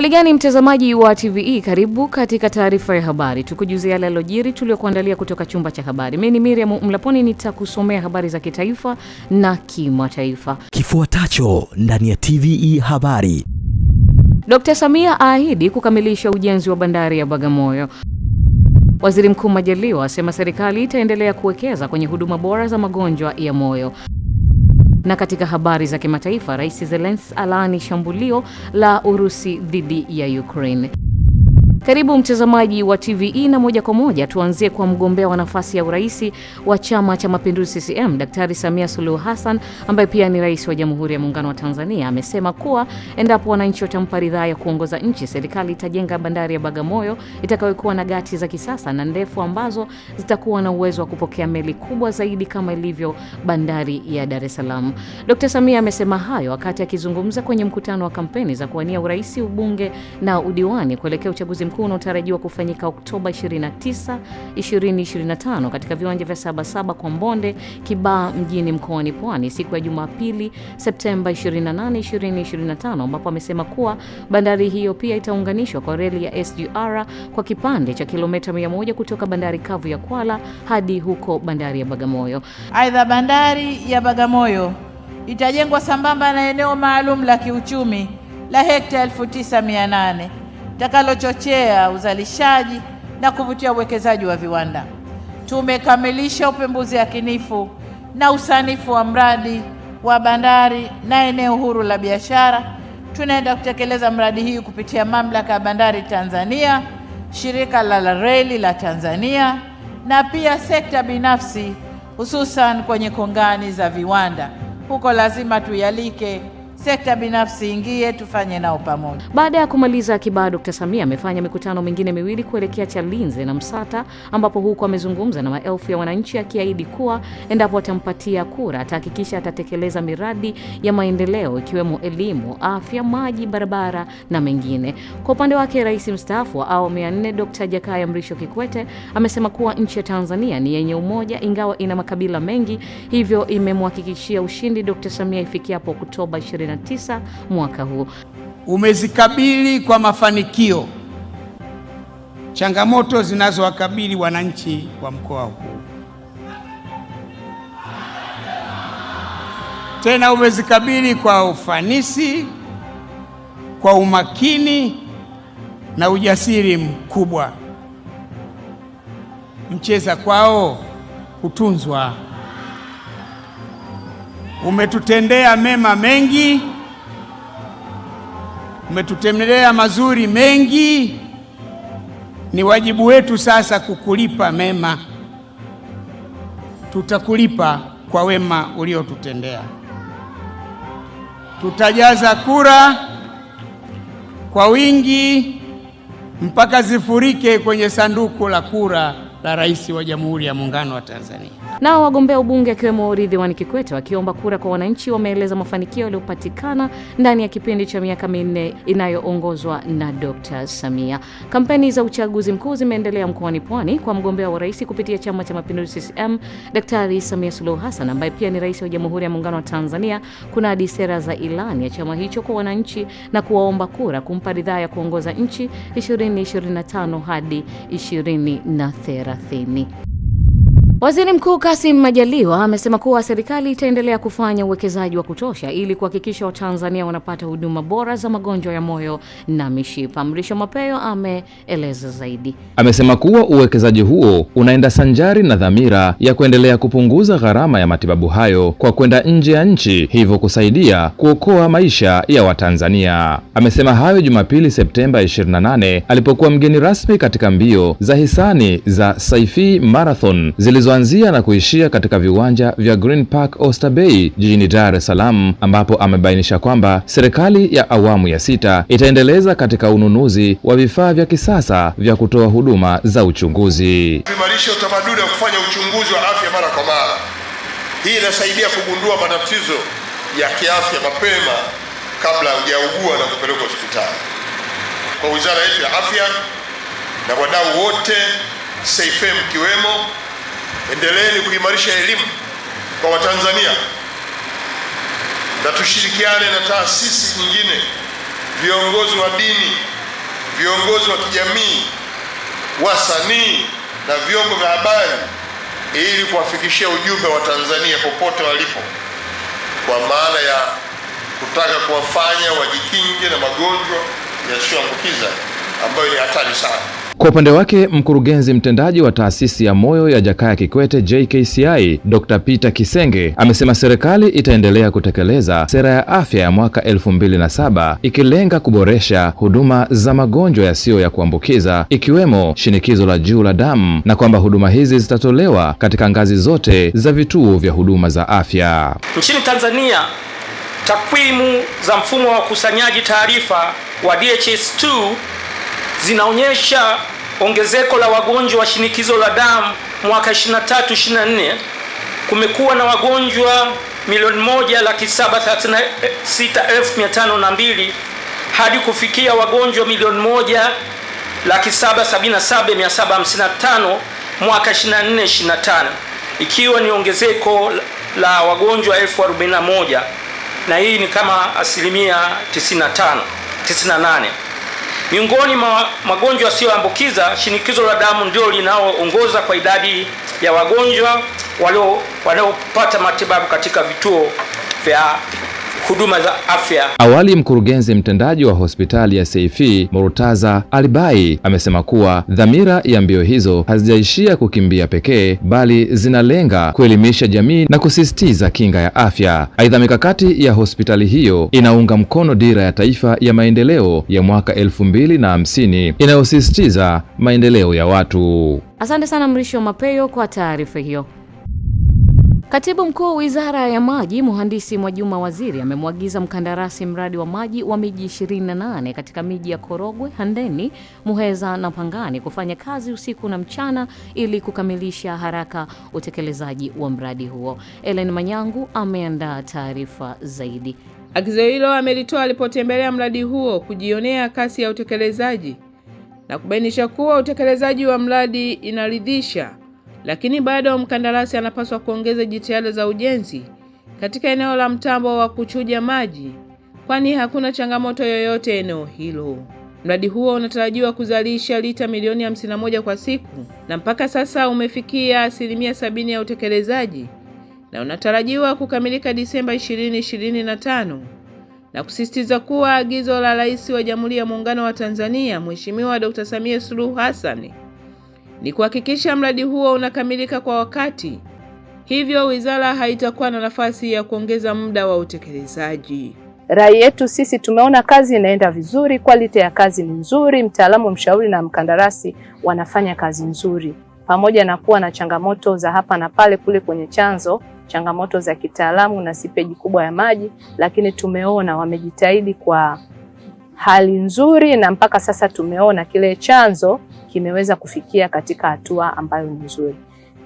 Hali gani mtazamaji wa TVE, karibu katika taarifa ya habari, tukujuzia yaliyojiri tuliyokuandalia kutoka chumba cha habari. Mimi ni Miriam Mlaponi, nitakusomea habari za kitaifa na kimataifa kifuatacho ndani ya TVE habari. Dkt. Samia aahidi kukamilisha ujenzi wa bandari ya Bagamoyo. Waziri Mkuu Majaliwa asema serikali itaendelea kuwekeza kwenye huduma bora za magonjwa ya moyo. Na katika habari za kimataifa, Rais Zelensky alaani shambulio la Urusi dhidi ya Ukraine. Karibu mtazamaji wa TVE na moja kwa moja tuanzie kwa mgombea wa nafasi ya urais wa Chama cha Mapinduzi CCM Daktari Samia Suluhu Hassan ambaye pia ni rais wa Jamhuri ya Muungano wa Tanzania amesema kuwa endapo wananchi watampa ridhaa ya kuongoza nchi, serikali itajenga bandari ya Bagamoyo itakayokuwa na gati za kisasa na ndefu ambazo zitakuwa na uwezo wa kupokea meli kubwa zaidi kama ilivyo bandari ya Dar es Salaam. Dkt. Samia amesema hayo wakati akizungumza kwenye mkutano wa kampeni za kuwania urais, ubunge na udiwani kuelekea uchaguzi mkuu unaotarajiwa kufanyika Oktoba 29, 2025 katika viwanja vya Sabasaba kwa Mbonde, kibaa mjini mkoani Pwani siku ya Jumapili Septemba 28, 2025 ambapo amesema kuwa bandari hiyo pia itaunganishwa kwa reli ya SGR kwa kipande cha kilomita 100 kutoka bandari kavu ya Kwala hadi huko bandari ya Bagamoyo. Aidha, bandari ya Bagamoyo itajengwa sambamba na eneo maalum la kiuchumi la hekta 9800 takalochochea uzalishaji na kuvutia uwekezaji wa viwanda. Tumekamilisha upembuzi yakinifu na usanifu wa mradi wa bandari na eneo huru la biashara. Tunaenda kutekeleza mradi hii kupitia Mamlaka ya Bandari Tanzania, Shirika la Reli la Tanzania na pia sekta binafsi, hususan kwenye kongani za viwanda. Huko lazima tuialike sekta binafsi ingie, tufanye nao pamoja. Baada ya kumaliza kibao, Dkt. Samia amefanya mikutano mingine miwili kuelekea Chalinze na Msata, ambapo huko amezungumza na maelfu ya wananchi, akiahidi kuwa endapo atampatia kura atahakikisha atatekeleza miradi ya maendeleo ikiwemo elimu, afya, maji, barabara na mengine. Kwa upande wake, rais mstaafu wa awamu ya nne Dkt. Jakaya Mrisho Kikwete amesema kuwa nchi ya Tanzania ni yenye umoja ingawa ina makabila mengi, hivyo imemhakikishia ushindi Dkt. Samia ifikiapo Oktoba 20 2019 mwaka huu. Umezikabili kwa mafanikio changamoto zinazowakabili wananchi wa mkoa huu, tena umezikabili kwa ufanisi, kwa umakini na ujasiri mkubwa. Mcheza kwao hutunzwa. Umetutendea mema mengi, umetutendea mazuri mengi. Ni wajibu wetu sasa kukulipa mema. Tutakulipa kwa wema uliotutendea. Tutajaza kura kwa wingi mpaka zifurike kwenye sanduku la kura la Rais wa Jamhuri ya Muungano wa Tanzania. Nao wagombea ubunge akiwemo wa Kikwete wakiomba kura kwa wananchi, wameeleza mafanikio yaliyopatikana ndani ya kipindi cha miaka minne inayoongozwa na Dr. Samia. Kampeni za uchaguzi mkuu zimeendelea mkoani Pwani kwa mgombea wa rais kupitia Chama cha Mapinduzi CCM Daktari Samia Suluhu Hassan ambaye pia ni rais wa Jamhuri ya Muungano wa Tanzania kunadi sera za ilani ya chama hicho kwa wananchi na kuwaomba kura kumpa ridhaa ya kuongoza nchi 2025 hadi 2030. Ferrara Waziri Mkuu Kassim Majaliwa amesema kuwa serikali itaendelea kufanya uwekezaji wa kutosha ili kuhakikisha Watanzania wanapata huduma bora za magonjwa ya moyo na mishipa. Mrisho Mapeo ameeleza zaidi. Amesema kuwa uwekezaji huo unaenda sanjari na dhamira ya kuendelea kupunguza gharama ya matibabu hayo kwa kwenda nje ya nchi, hivyo kusaidia kuokoa maisha ya Watanzania. Amesema hayo Jumapili Septemba 28 alipokuwa mgeni rasmi katika mbio za hisani za Saifi Marathon zilizo zilizoanzia na kuishia katika viwanja vya Green Park Oyster Bay jijini Dar es Salaam, ambapo amebainisha kwamba serikali ya awamu ya sita itaendeleza katika ununuzi wa vifaa vya kisasa vya kutoa huduma za uchunguzi, kuimarisha utamaduni wa kufanya uchunguzi wa afya mara kwa mara. Hii inasaidia kugundua matatizo ya kiafya mapema kabla hujaugua na kupelekwa hospitali. Kwa wizara yetu ya afya na wadau wote, Seifem kiwemo Endeleeni kuimarisha elimu kwa Watanzania na tushirikiane na taasisi nyingine, viongozi wa dini, viongozi wa kijamii, wasanii na vyombo vya habari ili kuwafikishia ujumbe wa Tanzania popote walipo, kwa maana ya kutaka kuwafanya wajikinge na magonjwa yasiyoambukiza ambayo ni hatari sana. Kwa upande wake mkurugenzi mtendaji wa taasisi ya moyo ya Jakaya Kikwete JKCI Dr. Peter Kisenge amesema serikali itaendelea kutekeleza sera ya afya ya mwaka 2007 ikilenga kuboresha huduma za magonjwa yasiyo ya kuambukiza ikiwemo shinikizo la juu la damu na kwamba huduma hizi zitatolewa katika ngazi zote za vituo vya huduma za afya nchini Tanzania. Takwimu za mfumo wa ukusanyaji taarifa wa DHS2 zinaonyesha ongezeko la wagonjwa wa shinikizo la damu mwaka 23 24 kumekuwa na wagonjwa milioni moja laki saba thelathini na sita elfu mia tano na mbili hadi kufikia wagonjwa milioni moja laki saba sabini na saba mia saba hamsini na tano mwaka 24 25 ikiwa ni ongezeko la wagonjwa elfu arobaini na moja na hii ni kama asilimia 95 98. Miongoni mwa magonjwa yasiyoambukiza, shinikizo la damu ndio linaoongoza kwa idadi ya wagonjwa wanaopata matibabu katika vituo vya huduma za afya. Awali mkurugenzi mtendaji wa hospitali ya Seifi Murtaza Alibai amesema kuwa dhamira ya mbio hizo hazijaishia kukimbia pekee, bali zinalenga kuelimisha jamii na kusisitiza kinga ya afya. Aidha, mikakati ya hospitali hiyo inaunga mkono dira ya taifa ya maendeleo ya mwaka elfu mbili na hamsini inayosisitiza maendeleo ya watu. Asante sana Mrisho Mapeyo kwa taarifa hiyo. Katibu mkuu wa wizara ya maji Mhandisi Mwajuma Waziri amemwagiza mkandarasi mradi wa maji wa miji 28 katika miji ya Korogwe, Handeni, Muheza na Pangani kufanya kazi usiku na mchana ili kukamilisha haraka utekelezaji wa mradi huo. Ellen Manyangu ameandaa taarifa zaidi. Agizo hilo amelitoa alipotembelea mradi huo kujionea kasi ya utekelezaji na kubainisha kuwa utekelezaji wa mradi inaridhisha lakini bado mkandarasi anapaswa kuongeza jitihada za ujenzi katika eneo la mtambo wa kuchuja maji, kwani hakuna changamoto yoyote eneo hilo. Mradi huo unatarajiwa kuzalisha lita milioni 51 kwa siku na mpaka sasa umefikia asilimia sabini ya utekelezaji na unatarajiwa kukamilika Disemba 2025 na kusisitiza kuwa agizo la Rais wa Jamhuri ya Muungano wa Tanzania Mheshimiwa Dr. Samia Suluhu Hassan ni kuhakikisha mradi huo unakamilika kwa wakati, hivyo wizara haitakuwa na nafasi ya kuongeza muda wa utekelezaji. Rai yetu sisi, tumeona kazi inaenda vizuri, kwalite ya kazi ni nzuri, mtaalamu mshauri na mkandarasi wanafanya kazi nzuri, pamoja na kuwa na changamoto za hapa na pale kule kwenye chanzo, changamoto za kitaalamu na sipeji kubwa ya maji, lakini tumeona wamejitahidi kwa hali nzuri, na mpaka sasa tumeona kile chanzo kimeweza kufikia katika hatua ambayo ni nzuri.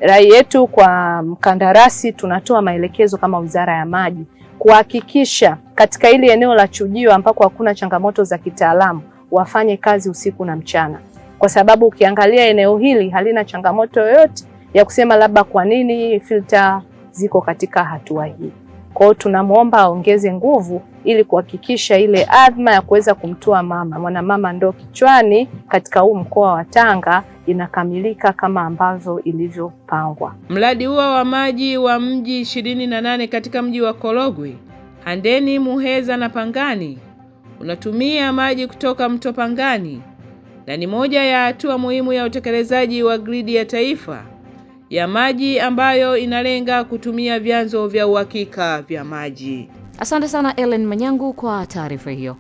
Rai yetu kwa mkandarasi, tunatoa maelekezo kama Wizara ya Maji kuhakikisha katika hili eneo la chujio ambako hakuna changamoto za kitaalamu, wafanye kazi usiku na mchana, kwa sababu ukiangalia eneo hili halina changamoto yoyote ya kusema labda kwa nini filter ziko katika hatua hii. Kwao tunamwomba aongeze nguvu ili kuhakikisha ile adhma ya kuweza kumtoa mama mwanamama ndo kichwani katika huu mkoa wa Tanga inakamilika kama ambavyo ilivyopangwa. Mradi huo wa maji wa mji ishirini na nane katika mji wa Korogwe, Handeni, Muheza na Pangani unatumia maji kutoka mto Pangani na ni moja ya hatua muhimu ya utekelezaji wa gridi ya taifa ya maji ambayo inalenga kutumia vyanzo vya uhakika vya maji. Asante sana Ellen Manyangu kwa taarifa hiyo.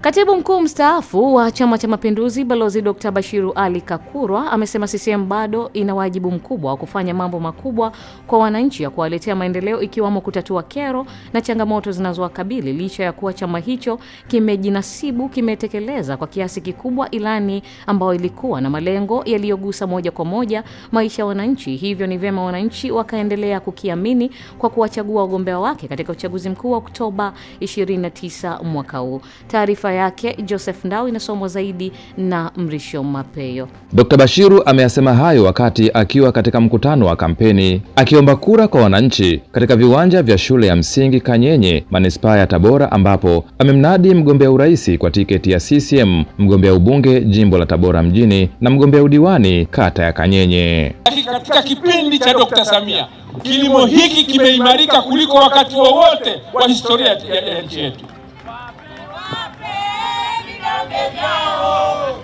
Katibu mkuu mstaafu wa Chama cha Mapinduzi Balozi Dr. Bashiru Ali Kakurwa amesema CCM bado ina wajibu mkubwa wa kufanya mambo makubwa kwa wananchi ya kuwaletea maendeleo ikiwamo kutatua kero na changamoto zinazowakabili licha ya kuwa chama hicho kimejinasibu kimetekeleza kwa kiasi kikubwa ilani ambayo ilikuwa na malengo yaliyogusa moja kwa moja maisha ya wananchi. Hivyo ni vyema wananchi wakaendelea kukiamini kwa kuwachagua wagombea wake katika uchaguzi mkuu wa Oktoba 29 mwaka huu. Taarifa yake Joseph Ndao inasomwa zaidi na Mrisho Mapeyo. Dr. Bashiru ameyasema hayo wakati akiwa katika mkutano wa kampeni akiomba kura kwa wananchi katika viwanja vya shule ya msingi Kanyenye, manispaa ya Tabora, ambapo amemnadi mgombea urais kwa tiketi ya CCM, mgombea ubunge jimbo la Tabora mjini na mgombea udiwani kata ya Kanyenye. Katika kipindi cha Dr. Samia kilimo hiki kimeimarika kuliko wakati wowote wa, wa historia ya nchi yetu.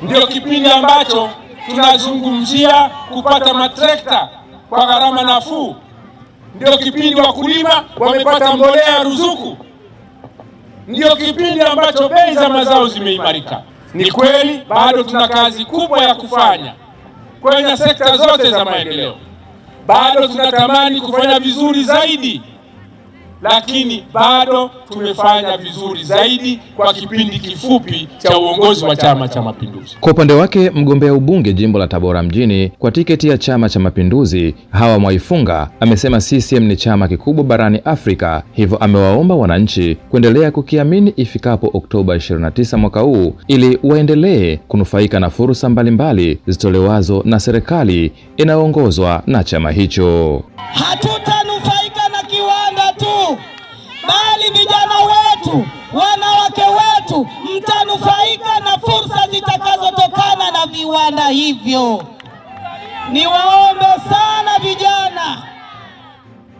Ndio kipindi ambacho tunazungumzia kupata matrekta kwa gharama nafuu. Ndio kipindi wakulima wamepata mbolea ya ruzuku. Ndio kipindi ambacho bei za mazao zimeimarika. Ni kweli bado tuna kazi kubwa ya kufanya kwenye sekta zote za maendeleo, bado tunatamani kufanya vizuri zaidi lakini bado tumefanya vizuri zaidi kwa kipindi kifupi cha uongozi wa Chama cha Mapinduzi. Kwa upande wake, mgombea ubunge jimbo la Tabora mjini kwa tiketi ya Chama cha Mapinduzi Hawa Mwaifunga amesema CCM ni chama kikubwa barani Afrika, hivyo amewaomba wananchi kuendelea kukiamini ifikapo Oktoba 29 mwaka huu ili waendelee kunufaika na fursa mbalimbali zitolewazo na serikali inayoongozwa na chama hicho Hatuta yetu, mtanufaika na fursa zitakazotokana na viwanda hivyo. Niwaombe sana vijana,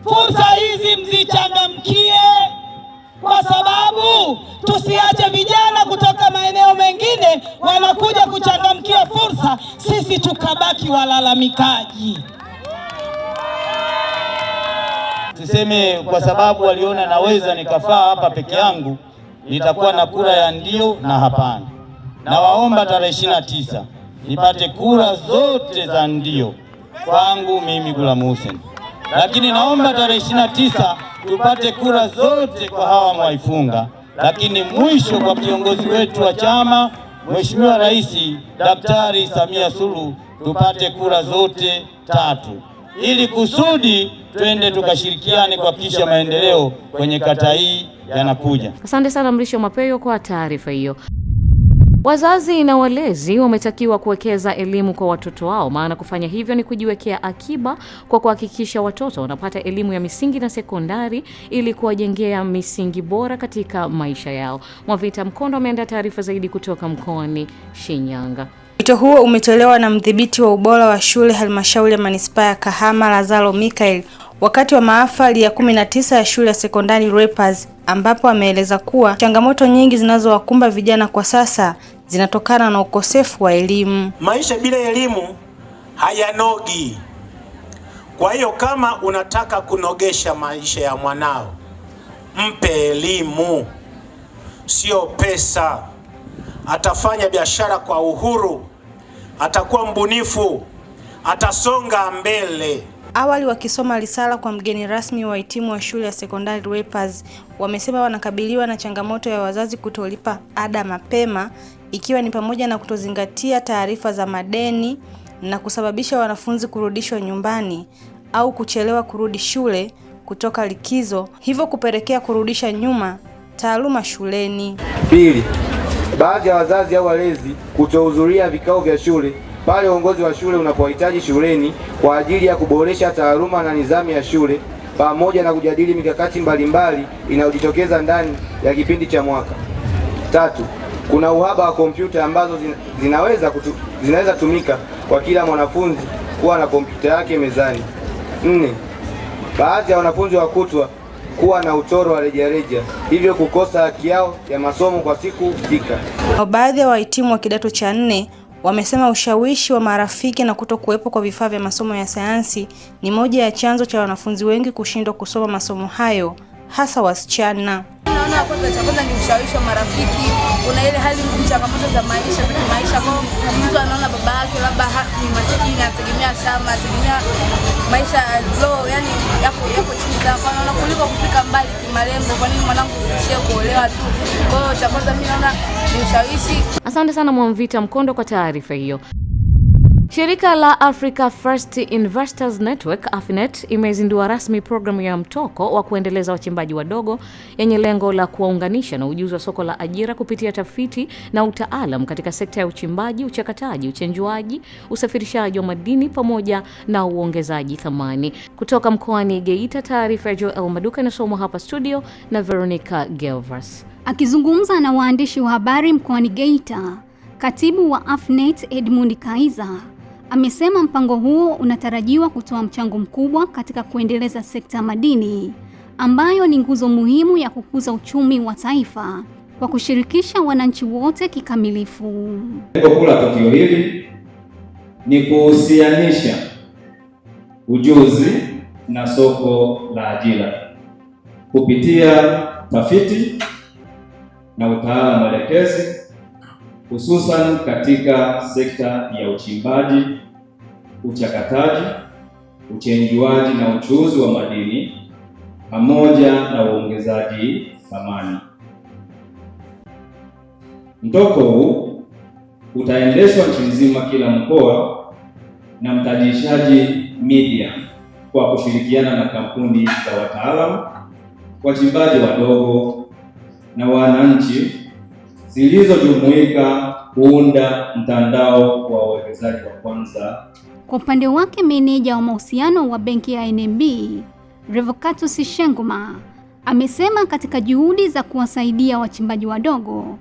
fursa hizi mzichangamkie, kwa sababu tusiache vijana kutoka maeneo mengine wanakuja kuchangamkia fursa, sisi tukabaki walalamikaji. Siseme kwa sababu waliona naweza nikafaa hapa peke yangu nitakuwa na kura ya ndio na hapana. Nawaomba tarehe ishirini na tisa nipate kura zote za ndio kwangu mimi Ghulam Hussein, lakini naomba tarehe ishirini na tisa tupate kura zote kwa hawa Mwaifunga, lakini mwisho kwa kiongozi wetu wa chama Mheshimiwa Rais Daktari Samia Suluhu tupate kura zote tatu ili kusudi twende tukashirikiane kuhakikisha maendeleo kwenye kata hii yanakuja. Asante sana Mrisho Mapeyo kwa taarifa hiyo. Wazazi na walezi wametakiwa kuwekeza elimu kwa watoto wao, maana kufanya hivyo ni kujiwekea akiba kwa kuhakikisha watoto wanapata elimu ya misingi na sekondari ili kuwajengea misingi bora katika maisha yao. Mwavita Mkondo ameandaa taarifa zaidi kutoka mkoani Shinyanga. Wito huo umetolewa na mdhibiti wa ubora wa shule halmashauri ya manispaa ya Kahama, Lazaro Mikael wakati wa mahafali ya 19 ya shule ya sekondari Lwepers, ambapo ameeleza kuwa changamoto nyingi zinazowakumba vijana kwa sasa zinatokana na ukosefu wa elimu. Maisha bila elimu hayanogi. Kwa hiyo kama unataka kunogesha maisha ya mwanao, mpe elimu, sio pesa. Atafanya biashara kwa uhuru, atakuwa mbunifu, atasonga mbele. Awali wakisoma risala kwa mgeni rasmi, wahitimu wa shule ya sekondari Lwepers wamesema wanakabiliwa na changamoto ya wazazi kutolipa ada mapema, ikiwa ni pamoja na kutozingatia taarifa za madeni na kusababisha wanafunzi kurudishwa nyumbani au kuchelewa kurudi shule kutoka likizo, hivyo kupelekea kurudisha nyuma taaluma shuleni. Pili, baadhi ya wazazi au walezi kutohudhuria vikao vya shule pale uongozi wa shule unapohitaji shuleni kwa ajili ya kuboresha taaluma na nidhamu ya shule pamoja na kujadili mikakati mbalimbali inayojitokeza ndani ya kipindi cha mwaka. Tatu, kuna uhaba wa kompyuta ambazo zinaweza, kutu, zinaweza tumika kwa kila mwanafunzi kuwa na kompyuta yake mezani. Nne, baadhi ya wanafunzi wakutwa kuwa na utoro wa rejareja hivyo kukosa haki yao ya masomo kwa siku husika. Baadhi ya wahitimu wa kidato cha nne Wamesema ushawishi wa marafiki na kuto kuwepo kwa vifaa vya masomo ya sayansi ni moja ya chanzo cha wanafunzi wengi kushindwa kusoma masomo hayo hasa wasichana maana kwanza, cha kwanza ni ushawishi wa marafiki. Kuna ile hali ngumu, changamoto za maisha za maisha, kwa mtu anaona baba yake labda ni masikini, anategemea shamba, anategemea maisha low, yani yapo yapo chini sana, kwa naona kuliko kufika mbali kimalengo. Kwa nini mwanangu usishie kuolewa tu? Kwa hiyo cha kwanza mimi naona ni ushawishi. Asante sana Mwamvita Mkondo kwa taarifa hiyo. Shirika la Africa First Investors Network Afinet imezindua rasmi programu ya mtoko wa kuendeleza wachimbaji wadogo yenye lengo la kuwaunganisha na ujuzi wa soko la ajira kupitia tafiti na utaalam katika sekta ya uchimbaji, uchakataji, uchenjuaji, usafirishaji wa madini pamoja na uongezaji thamani. Kutoka mkoani Geita, taarifa ya Joel Maduka inasomwa hapa studio na Veronica Gelvers. Akizungumza na waandishi wa habari mkoani Geita, katibu wa Afnet Edmund Kaiza Amesema mpango huo unatarajiwa kutoa mchango mkubwa katika kuendeleza sekta madini ambayo ni nguzo muhimu ya kukuza uchumi wa taifa kwa kushirikisha wananchi wote kikamilifu. Lengo kuu la tukio hili ni kuhusianisha ujuzi na soko la ajira kupitia tafiti na utaalamu elekezi hususan katika sekta ya uchimbaji, uchakataji, uchenjuaji na uchuuzi wa madini pamoja na uongezaji thamani. Mtoko huu utaendeshwa nchi nzima, kila mkoa na mtajirishaji media kwa kushirikiana na kampuni za wataalamu, wachimbaji wadogo na wananchi zilizojumuika kuunda mtandao wa uwekezaji wa kwanza. Kwa upande wake, meneja wa mahusiano wa benki ya NMB Revocatus Shenguma amesema katika juhudi za kuwasaidia wachimbaji wadogo,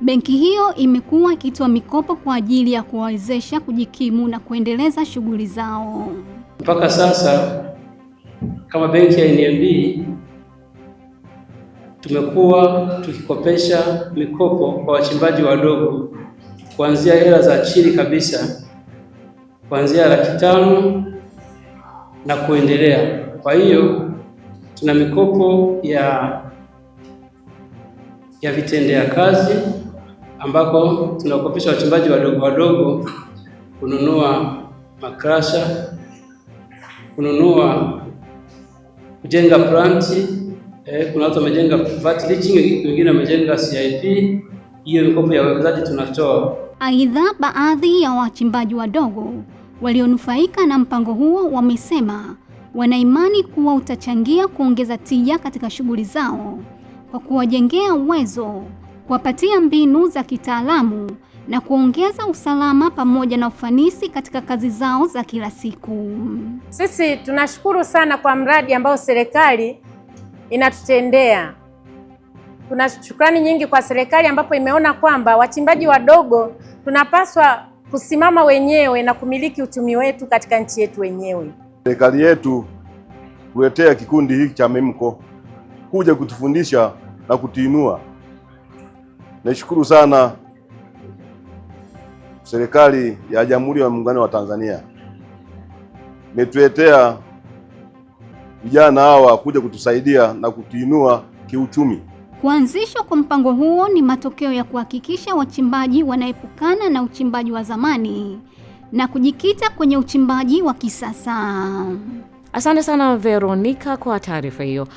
benki hiyo imekuwa ikitoa mikopo kwa ajili ya kuwawezesha kujikimu na kuendeleza shughuli zao. Mpaka sasa kama benki ya NMB tumekuwa tukikopesha mikopo kwa wachimbaji wadogo kuanzia hela za chini kabisa, kuanzia laki tano na kuendelea. Kwa hiyo tuna mikopo ya ya vitendea kazi ambako tunakopesha wachimbaji wadogo wadogo kununua makrasha, kununua kujenga planti Eh, kuna watu wamejenga private teaching, wengine wamejenga CIP. Hiyo mikopo ya wawekezaji tunatoa. Aidha, baadhi ya wachimbaji wadogo walionufaika na mpango huo wamesema wanaimani kuwa utachangia kuongeza tija katika shughuli zao kwa kuwajengea uwezo, kuwapatia mbinu za kitaalamu na kuongeza usalama pamoja na ufanisi katika kazi zao za kila siku. Sisi tunashukuru sana kwa mradi ambao serikali inatutendea. Kuna shukrani nyingi kwa serikali ambapo imeona kwamba wachimbaji wadogo tunapaswa kusimama wenyewe na kumiliki uchumi wetu katika nchi yetu wenyewe. Serikali yetu kuletea kikundi hiki cha MEMKO kuja kutufundisha na kutuinua. Naishukuru sana serikali ya Jamhuri ya Muungano wa Tanzania imetuletea vijana hawa kuja kutusaidia na kutuinua kiuchumi. Kuanzishwa kwa mpango huo ni matokeo ya kuhakikisha wachimbaji wanaepukana na uchimbaji wa zamani na kujikita kwenye uchimbaji wa kisasa. Asante sana Veronica kwa taarifa hiyo.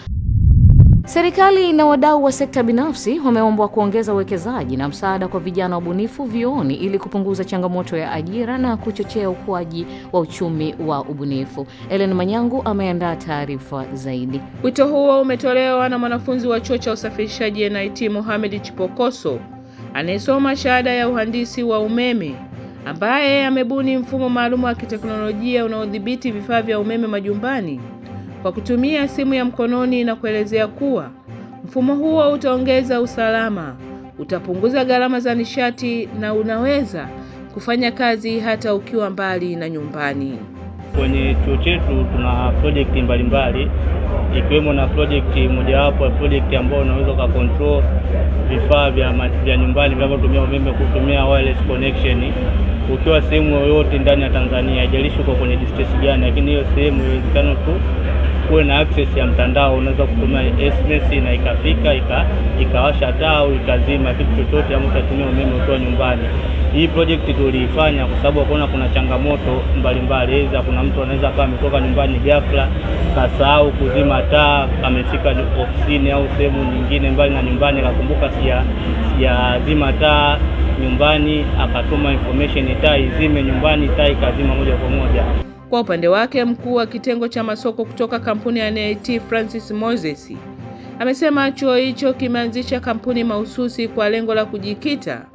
Serikali na wadau wa sekta binafsi wameombwa kuongeza uwekezaji na msaada kwa vijana wabunifu vioni ili kupunguza changamoto ya ajira na kuchochea ukuaji wa uchumi wa ubunifu. Ellen Manyangu ameandaa taarifa zaidi. Wito huo umetolewa na mwanafunzi wa chuo cha usafirishaji NIT Mohamed Chipokoso anayesoma shahada ya uhandisi wa umeme ambaye amebuni mfumo maalum wa kiteknolojia unaodhibiti vifaa vya umeme majumbani kwa kutumia simu ya mkononi na kuelezea kuwa mfumo huo utaongeza usalama, utapunguza gharama za nishati na unaweza kufanya kazi hata ukiwa mbali na nyumbani. Kwenye chuo chetu tuna projekti mbalimbali ikiwemo na projekti mojawapo ya projekti ambayo unaweza control vifaa vya, vya nyumbani vinavyotumia umeme kutumia wireless connection ukiwa sehemu yoyote ndani ya Tanzania, haijalishi uko kwenye distress gani, lakini hiyo sehemu iwezekano tu kuwe na access ya mtandao. Unaweza kutumia SMS na ikafika ikawasha taa au ikazima kitu chochote, ama utatumia umeme ukiwa nyumbani. Hii project tuliifanya kwa sababu akaona kuna changamoto mbalimbali za kuna mtu anaweza akawa ametoka nyumbani ghafla kasahau kuzima taa, amefika ofisini au sehemu nyingine mbali na nyumbani, akakumbuka sijazima taa nyumbani, akatuma information taa izime nyumbani, taa ikazima moja kwa moja. Kwa upande wake, mkuu wa kitengo cha masoko kutoka kampuni ya NIT Francis Moses amesema chuo hicho kimeanzisha kampuni mahususi kwa lengo la kujikita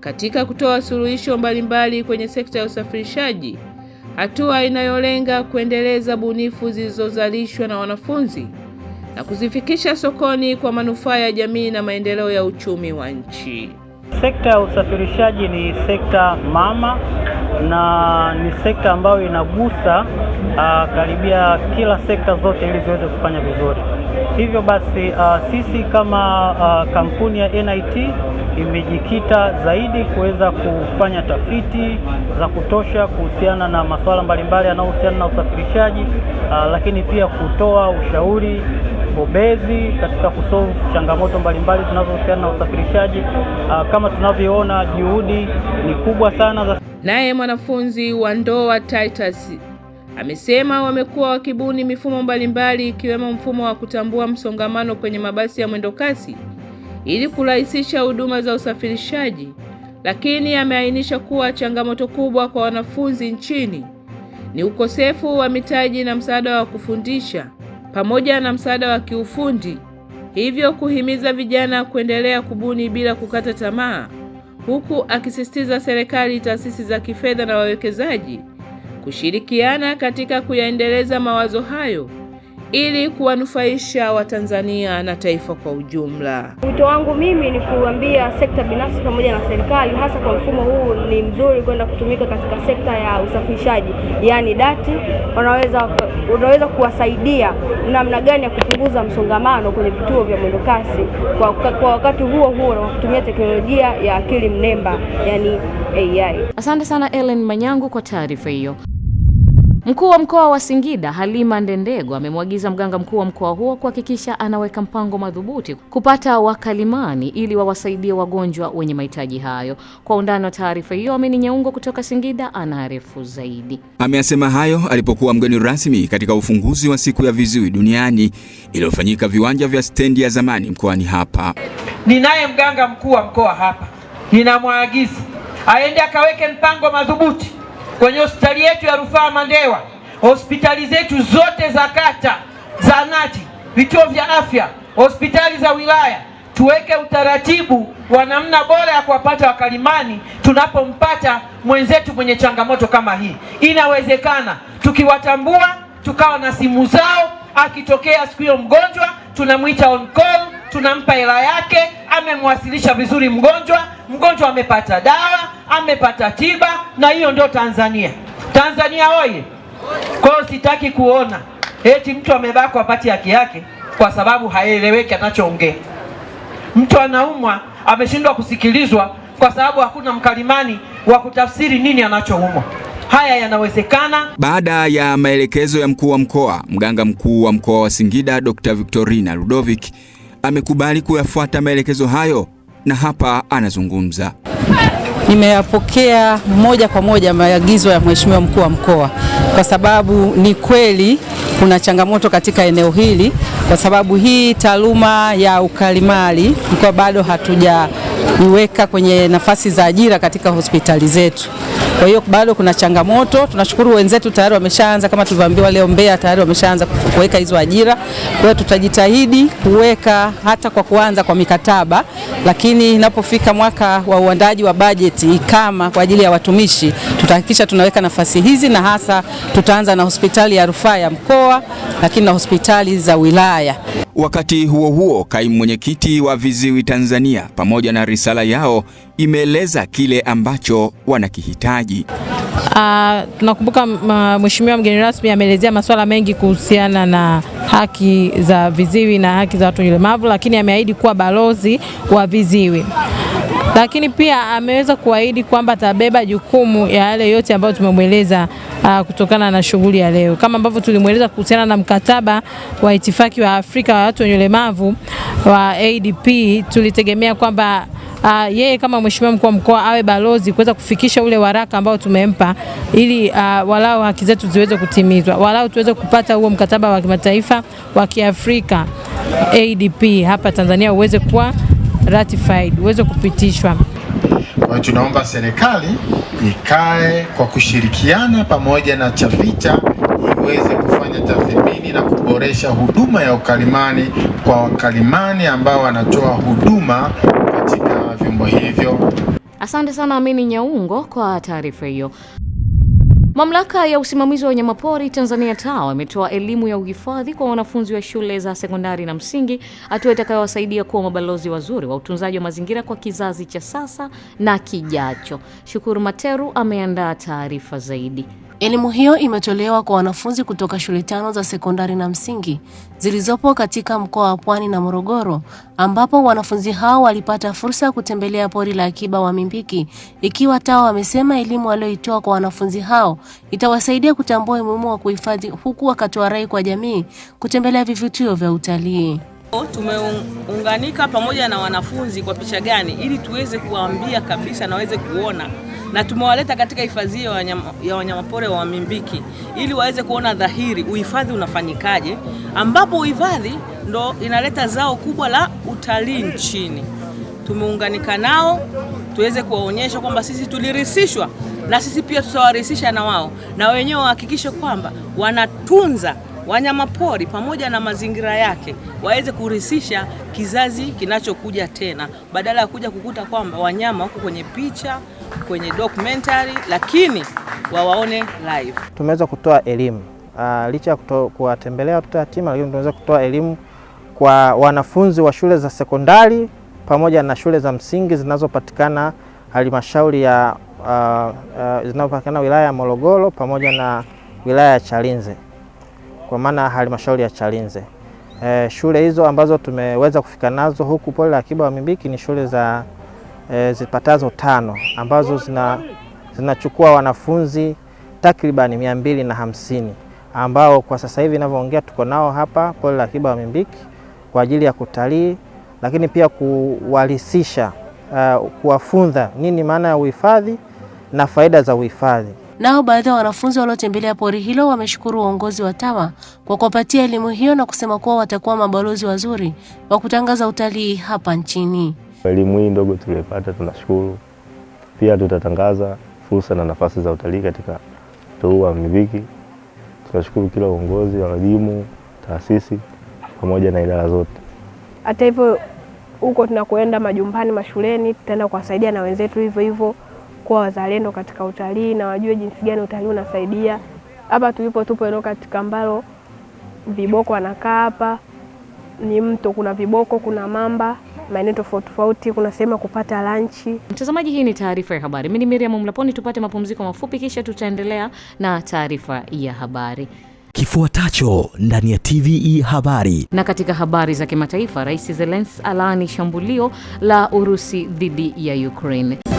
katika kutoa suluhisho mbalimbali kwenye sekta ya usafirishaji, hatua inayolenga kuendeleza bunifu zilizozalishwa na wanafunzi na kuzifikisha sokoni kwa manufaa ya jamii na maendeleo ya uchumi wa nchi. Sekta ya usafirishaji ni sekta mama na ni sekta ambayo inagusa uh, karibia kila sekta zote ili ziweze kufanya vizuri. Hivyo basi uh, sisi kama uh, kampuni ya NIT imejikita zaidi kuweza kufanya tafiti za kutosha kuhusiana na masuala mbalimbali yanayohusiana na usafirishaji uh, lakini pia kutoa ushauri ubobezi katika kusolve changamoto mbalimbali zinazohusiana na usafirishaji. Ah, kama tunavyoona, juhudi ni kubwa sana za... Naye mwanafunzi wa ndoa Titus amesema wamekuwa wakibuni mifumo mbalimbali ikiwemo mfumo wa kutambua msongamano kwenye mabasi ya mwendokasi ili kurahisisha huduma za usafirishaji, lakini ameainisha kuwa changamoto kubwa kwa wanafunzi nchini ni ukosefu wa mitaji na msaada wa kufundisha pamoja na msaada wa kiufundi, hivyo kuhimiza vijana kuendelea kubuni bila kukata tamaa, huku akisisitiza serikali, taasisi za kifedha na wawekezaji kushirikiana katika kuyaendeleza mawazo hayo ili kuwanufaisha Watanzania na taifa kwa ujumla. Wito wangu mimi ni kuambia sekta binafsi pamoja na serikali, hasa kwa mfumo huu ni mzuri kwenda kutumika katika sekta ya usafirishaji, yaani dati, unaweza unaweza kuwasaidia namna gani ya kupunguza msongamano kwenye vituo vya mwendokasi kwa, kwa wakati huo huo na kutumia teknolojia ya akili mnemba, yaani AI. Asante sana Ellen Manyangu kwa taarifa hiyo. Mkuu wa mkoa wa Singida Halima Ndendego amemwagiza mganga mkuu wa mkoa huo kuhakikisha anaweka mpango madhubuti kupata wakalimani ili wawasaidie wagonjwa wenye mahitaji hayo. Kwa undani wa taarifa hiyo, Amini Nyeungo kutoka Singida anaarifu zaidi. Ameyasema hayo alipokuwa mgeni rasmi katika ufunguzi wa siku ya viziwi duniani iliyofanyika viwanja vya stendi ya zamani mkoani hapa. Ninaye mganga mkuu wa mkoa hapa, ninamwaagiza aende akaweke mpango madhubuti kwenye hospitali yetu ya rufaa Mandewa, hospitali zetu zote za kata, zahanati, vituo vya afya, hospitali za wilaya, tuweke utaratibu wa namna bora ya kuwapata wakalimani tunapompata mwenzetu mwenye changamoto kama hii. Inawezekana tukiwatambua, tukawa na simu zao. Akitokea siku hiyo mgonjwa, tunamwita on call, tunampa hela yake, amemwasilisha vizuri mgonjwa mgonjwa amepata dawa, amepata tiba, na hiyo ndio Tanzania. Tanzania oye! Kwa hiyo sitaki kuona eti mtu amebakwa apati haki yake kwa sababu haeleweki anachoongea. Mtu anaumwa ameshindwa kusikilizwa kwa sababu hakuna mkalimani wa kutafsiri nini anachoumwa. Haya yanawezekana. Baada ya maelekezo ya mkuu wa mkoa, mganga mkuu wa mkoa wa Singida Dr. Victorina Ludovic amekubali kuyafuata maelekezo hayo na hapa anazungumza. Nimeyapokea moja kwa moja maagizo ya Mheshimiwa Mkuu wa Mkoa kwa sababu ni kweli kuna changamoto katika eneo hili, kwa sababu hii taaluma ya ukalimali mkoa bado hatuja kuweka kwenye nafasi za ajira katika hospitali zetu. Kwa hiyo bado kuna changamoto. Tunashukuru wenzetu tayari wameshaanza, kama tulivyoambiwa leo Mbeya tayari wameshaanza kuweka hizo ajira. Kwa hiyo tutajitahidi kuweka hata kwa kuanza kwa mikataba, lakini inapofika mwaka wa uandaji wa bajeti kama kwa ajili ya watumishi, tutahakikisha tunaweka nafasi hizi, na hasa tutaanza na hospitali ya rufaa ya mkoa, lakini na hospitali za wilaya. Wakati huo huo, kaimu mwenyekiti wa viziwi Tanzania pamoja na risala yao imeeleza kile ambacho wanakihitaji. Uh, tunakumbuka mheshimiwa mgeni rasmi ameelezea masuala mengi kuhusiana na haki za viziwi na haki za watu wenye ulemavu, lakini ameahidi kuwa balozi wa viziwi lakini pia ameweza kuahidi kwamba atabeba jukumu ya yale yote ambayo tumemweleza uh, kutokana na shughuli ya leo, kama ambavyo tulimweleza kuhusiana na mkataba wa itifaki wa Afrika wa watu wenye ulemavu wa ADP, tulitegemea kwamba Uh, yeye kama mheshimiwa mkuu wa mkoa awe balozi kuweza kufikisha ule waraka ambao tumempa ili uh, walau haki zetu ziweze kutimizwa, walau tuweze kupata huo mkataba wa kimataifa wa Kiafrika ADP hapa Tanzania uweze kuwa ratified, uweze kupitishwa. Kwa hiyo tunaomba serikali ikae kwa kushirikiana pamoja na CHAVITA iweze kufanya tathmini na kuboresha huduma ya ukalimani kwa wakalimani ambao wanatoa huduma katika vyombo hivyo. Asante sana Amini Nyaungo kwa taarifa hiyo. Mamlaka ya usimamizi wa wanyamapori Tanzania TAWA imetoa elimu ya uhifadhi kwa wanafunzi wa shule za sekondari na msingi, hatua itakayowasaidia kuwa mabalozi wazuri wa utunzaji wa mazingira kwa kizazi cha sasa na kijacho. Shukuru Materu ameandaa taarifa zaidi. Elimu hiyo imetolewa kwa wanafunzi kutoka shule tano za sekondari na msingi zilizopo katika mkoa wa Pwani na Morogoro, ambapo wanafunzi hao walipata fursa ya kutembelea pori la akiba Wamimbiki, ikiwa TAWA wamesema elimu walioitoa kwa wanafunzi hao itawasaidia kutambua umuhimu wa kuhifadhi, huku wakatoa rai kwa jamii kutembelea vivutio vya utalii. Tumeunganika pamoja na wanafunzi kwa picha gani, ili tuweze kuwaambia kabisa na waweze kuona na tumewaleta katika hifadhi hiyo ya wanyamapori wa Wamimbiki ili waweze kuona dhahiri uhifadhi unafanyikaje, ambapo uhifadhi ndo inaleta zao kubwa la utalii nchini. Tumeunganika nao tuweze kuwaonyesha kwamba sisi tulirisishwa na sisi pia tutawarisisha na wao, na wenyewe wahakikishe kwamba wanatunza wanyamapori pamoja na mazingira yake waweze kurithisha kizazi kinachokuja tena, badala ya kuja kukuta kwamba wanyama wako kwenye picha, kwenye documentary, lakini wawaone live. Tumeweza kutoa elimu uh, licha ya kuwatembelea watoto yatima, lakini tumeweza kutoa elimu kwa wanafunzi wa shule za sekondari pamoja na shule za msingi zinazopatikana halmashauri ya uh, uh, zinazopatikana wilaya ya Morogoro pamoja na wilaya ya Chalinze kwa maana halmashauri ya Chalinze. E, shule hizo ambazo tumeweza kufika nazo huku pole la akiba Wamimbiki ni shule za e, zipatazo tano ambazo zina, zinachukua wanafunzi takribani mia mbili na hamsini ambao kwa sasa hivi ninavyoongea tuko nao hapa pole la akiba Wamimbiki kwa ajili ya kutalii, lakini pia kuwalisisha, uh, kuwafunza nini maana ya uhifadhi na faida za uhifadhi. Nao baadhi ya wanafunzi waliotembelea pori hilo wameshukuru uongozi wa TAWA kwa kuwapatia elimu hiyo na kusema kuwa watakuwa mabalozi wazuri wa kutangaza utalii hapa nchini. Elimu hii ndogo tuliyopata tunashukuru. Pia tutatangaza fursa na nafasi za utalii katika mto wa Miviki. Tunashukuru kila uongozi walimu, taasisi pamoja na idara zote. Hata hivyo, huko tunakoenda majumbani, mashuleni, tutaenda kuwasaidia na wenzetu hivyo hivyo kuwa wazalendo katika utalii na wajue jinsi gani utalii unasaidia. Hapa tulipo tupo eneo katika ambalo viboko wanakaa hapa, ni mto, kuna viboko, kuna mamba maeneo tofauti tofauti, kuna sehemu kupata lanchi. Mtazamaji, hii ni taarifa ya habari. Mimi ni Miriam Mlaponi, tupate mapumziko mafupi, kisha tutaendelea na taarifa ya habari kifuatacho ndani ya TVE habari. Na katika habari za kimataifa, Rais Zelensky alaani shambulio la Urusi dhidi ya Ukraine.